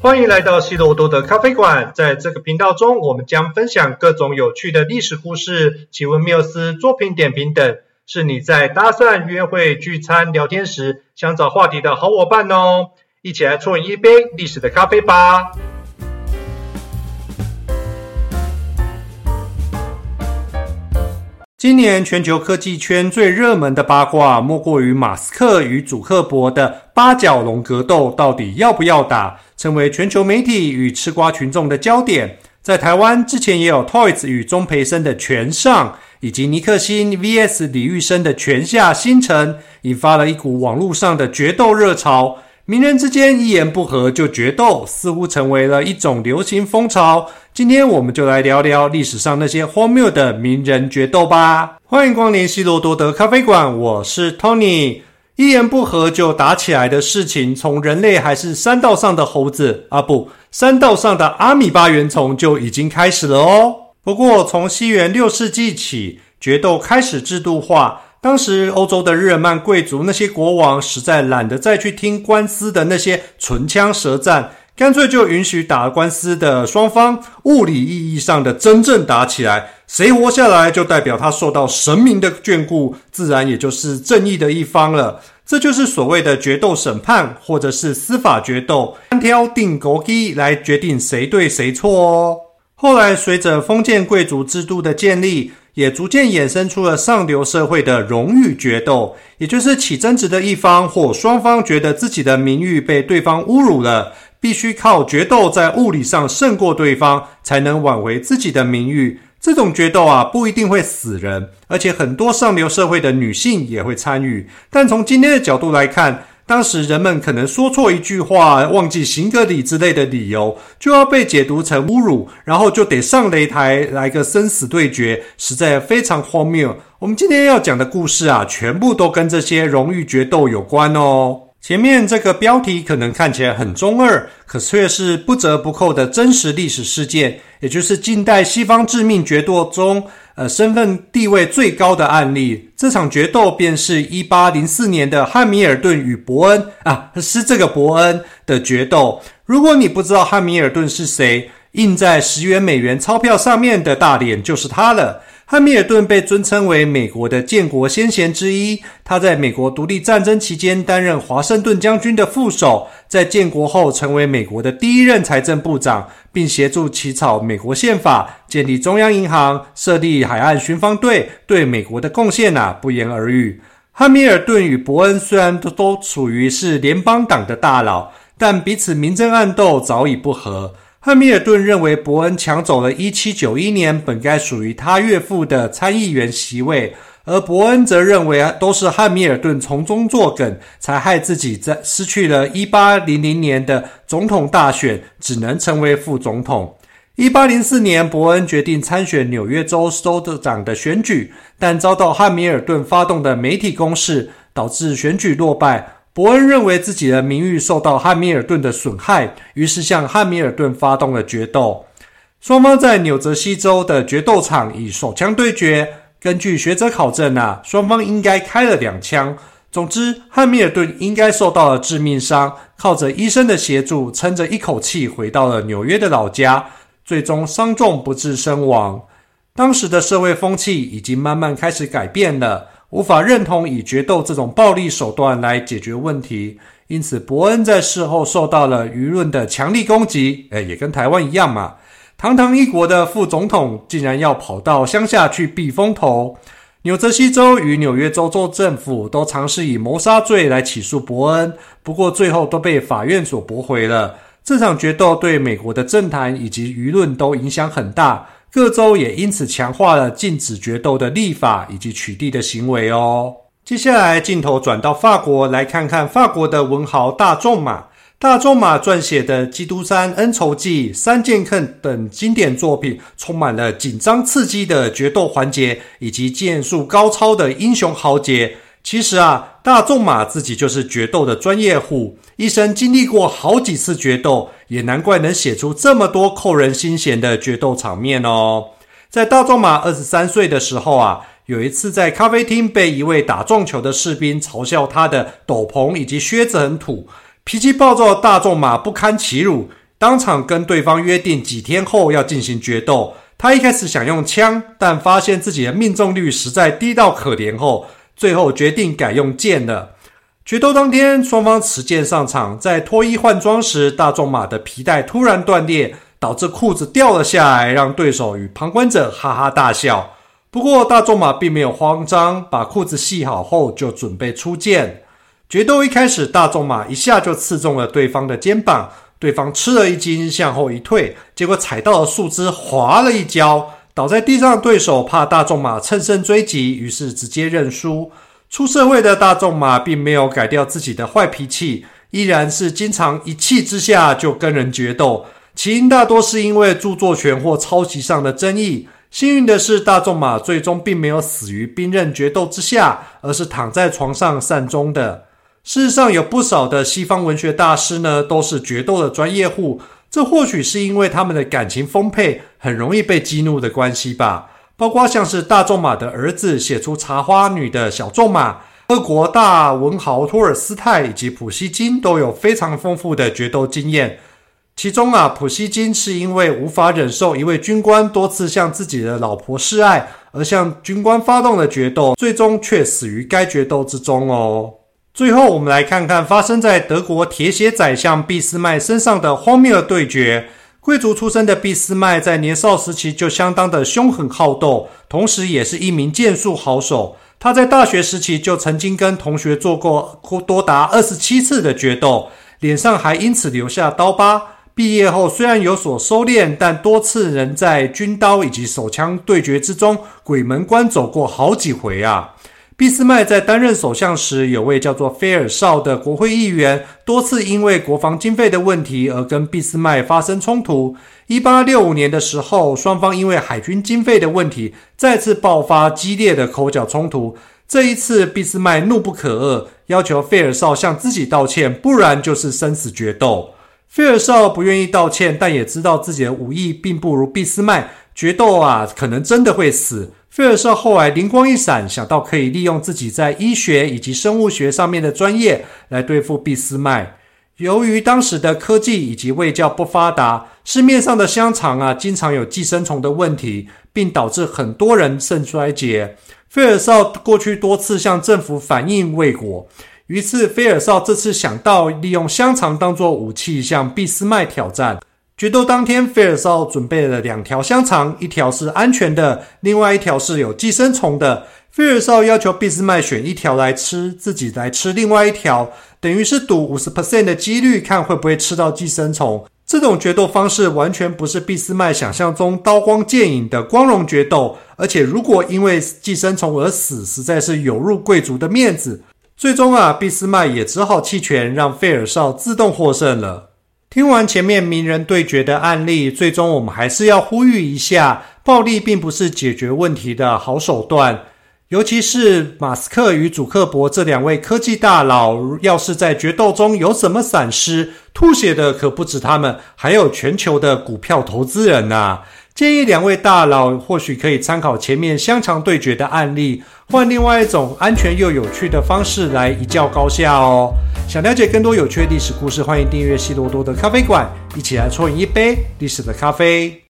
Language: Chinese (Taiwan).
歡迎來到希羅多德的咖啡館。在這個頻道中，我們將分享各種有趣的歷史故事、奇聞妙思、作品點評等，是你在搭訕、約會、聚餐、聊天時想找話題的好夥伴哦！一起來沖一杯歷史的咖啡吧。今年全球科技圈最熱門的八卦，莫過於馬斯克與祖克柏的八角龍格鬥到底要不要打，成為全球媒體與吃瓜群眾的焦點。在台灣之前，也有 Toyz 與鍾培生的拳上，以及尼克星 vs 李育昇的拳下星城，引發了一股網絡上的決鬥熱潮。名人之間一言不合就決鬥，似乎成為了一種流行風潮。今天我們就來聊聊歷史上那些荒謬的名人決鬥吧。歡迎光臨希羅多德咖啡館，我是 Tony。一言不合就打起來的事情，從人類還是山道上的猴子啊，不，山道上的阿米巴原蟲就已經開始了哦。不過從西元六世紀起，決鬥開始制度化。當時，歐洲的日耳曼貴族那些國王實在懶得再去聽官司的那些唇槍舌戰，乾脆就允許打官司的雙方物理意義上的真正打起來，誰活下來就代表他受到神明的眷顧，自然也就是正義的一方了。這就是所謂的決鬥審判，或者是司法決鬥，單挑定國技來決定誰對誰錯哦。後來，隨着封建貴族制度的建立，也逐漸衍生出了上流社會的榮譽決鬥，也就是起爭執的一方或雙方覺得自己的名譽被對方侮辱了，必須靠決鬥在物理上勝過對方，才能挽回自己的名譽。這種決鬥啊，不一定會死人，而且很多上流社會的女性也會參與。但從今天的角度來看，當時人們可能說錯一句話，忘記行個禮之類的理由，就要被解讀成侮辱，然後就得上擂台來個生死對決，實在非常荒謬。我們今天要講的故事啊，全部都跟這些榮譽決鬥有關哦。前面這個標題可能看起來很中二，可卻是不折不扣的真實歷史事件，也就是近代西方致命決鬥中，呃，身份地位最高的案例。這場決鬥便是一八零四年的漢密爾頓與伯恩，啊，是這個伯恩的決鬥。如果你不知道漢密爾頓是誰，印在十元美元鈔票上面的大臉就是他了。漢密爾頓被尊稱為美國的建國先賢之一。他在美國獨立戰爭期間擔任華盛頓將軍的副手，在建國後成為美國的第一任財政部長，並協助起草美國憲法，建立中央銀行，設立海岸巡防隊。對美國的貢獻吶，不言而喻。漢密爾頓與伯恩雖然都都屬於是聯邦黨的大佬，但彼此明爭暗鬥早已不和。漢密爾頓認為伯恩搶走了一七九一年本該屬於他岳父的參議員席位，而伯恩則認為啊，都是漢密爾頓從中作梗，才害自己在失去了一八零零年的總統大選，只能成為副總統。一八零四年，伯恩決定參選紐約州州長的選舉，但遭到漢密爾頓發動的媒體攻勢，導致選舉落敗。伯恩認為自己的名譽受到漢密爾頓的損害，於是向漢密爾頓發動了決鬥。雙方在紐澤西州的決鬥場以手槍對決。根據學者考證啊，雙方應該開了兩槍。總之，漢密爾頓應該受到了致命傷，靠着醫生的協助，撐着一口氣回到了紐約的老家，最終傷重不治身亡。當時的社會風氣已經慢慢開始改變了。無法認同以決鬥這種暴力手段來解決問題，因此伯恩在事後受到了輿論的強力攻擊。誒，也跟台灣一樣嘛，堂堂一國的副總統竟然要跑到鄉下去避風頭。紐澤西州與紐約州州政府都嘗試以謀殺罪來起訴伯恩，不過最後都被法院所駁回了。這場決鬥對美國的政壇以及輿論都影響很大。各州也因此強化了禁止決鬥的立法以及取締的行為哦。接下來鏡頭轉到法國，來看看法國的文豪大仲馬。大仲馬撰寫的《基督山恩仇記》、《三劍客》等經典作品，充滿了緊張刺激的決鬥環節以及劍術高超的英雄豪傑。其實啊。大仲馬自己就是決鬥的專業戶，一生經歷過好幾次決鬥，也難怪能寫出這麼多扣人心弦的決鬥場面哦。在大仲馬二十三歲的時候啊，有一次在咖啡廳被一位打撞球的士兵嘲笑他的斗篷以及靴子很土，脾氣暴躁的大仲馬不堪其辱，當場跟對方約定幾天後要進行決鬥。他一開始想用槍，但發現自己的命中率實在低到可憐後，最後決定改用劍了。決鬥當天，雙方持劍上場，在脫衣換裝時，大仲馬的皮帶突然斷裂，導致褲子掉了下來，讓對手與旁觀者哈哈大笑。不過，大仲馬並沒有慌張，把褲子繫好後就準備出劍。決鬥一開始，大仲馬一下就刺中了對方的肩膀，對方吃了一驚，向後一退，結果踩到了樹枝，滑了一跤。倒在地上，對手怕大仲馬趁勝追擊，於是直接認輸。出社會的大仲馬並沒有改掉自己的壞脾氣，依然是經常一氣之下就跟人決鬥。起因大多是因為著作權或抄襲上的爭議。幸運的是，大仲馬最終並沒有死於兵刃決鬥之下，而是躺在床上善終的。事實上，有不少的西方文學大師呢，都是決鬥的專業戶。這或許是因為他們的感情豐沛。很容易被激怒的關係吧，包括像是大仲馬的兒子寫出《茶花女》的小仲馬，俄國大文豪托爾斯泰以及普希金都有非常豐富的決鬥經驗。其中啊，普希金是因為無法忍受一位軍官多次向自己的老婆示愛，而向軍官發動的決鬥，最終卻死於該決鬥之中哦。最後，我們來看看發生在德國鐵血宰相俾斯麥身上的荒謬對決。貴族出身的俾斯麥在年少時期就相當的兇狠好鬥，同時也是一名劍術好手。他在大學時期就曾經跟同學做過多達二十七次的決鬥，臉上還因此留下刀疤。畢業後雖然有所收斂，但多次仍在軍刀以及手槍對決之中，鬼門關走過好幾回啊。俾斯麥在擔任首相時，有位叫做菲爾紹的國會議員，多次因為國防經費的問題而跟俾斯麥發生衝突。一八六五年的時候，雙方因為海軍經費的問題，再次爆發激烈的口角衝突。這一次，俾斯麥怒不可遏，要求菲爾紹向自己道歉，不然就是生死決鬥。菲爾紹不願意道歉，但也知道自己的武藝並不如俾斯麥，決鬥啊，可能真的會死。菲爾紹後來靈光一閃，想到可以利用自己在醫學以及生物學上面的專業來對付俾斯麥。由於當時的科技以及衛教不發達，市面上的香腸啊經常有寄生蟲的問題，並導致很多人腎衰竭。菲爾紹過去多次向政府反映未果，於是菲爾紹這次想到利用香腸當作武器向俾斯麥挑戰。決鬥當天，菲爾紹準備了兩條香腸，一條是安全的，另外一條是有寄生蟲的。菲爾紹要求俾斯麥選一條來吃，自己來吃另外一條，等於是賭五十 percent 的幾率，看會不會吃到寄生蟲。這種決鬥方式完全不是俾斯麥想象中刀光劍影的光榮決鬥，而且如果因為寄生蟲而死，實在是有辱貴族的面子。最終啊，俾斯麥也只好棄權，讓費爾紹自動獲勝了。聽完前面名人對決的案例，最終我們還是要呼籲一下：暴力並不是解決問題的好手段。尤其是馬斯克與祖克柏這兩位科技大佬，要是在決鬥中有什麼閃失，吐血的可不止他們，還有全球的股票投資人吶、啊。建議兩位大佬或許可以參考前面香腸對決的案例，換另外一種安全又有趣的方式來一較高下哦。想了解更多有趣的歷史故事，歡迎訂閱西羅多的咖啡館，一起來啜飲一杯歷史的咖啡。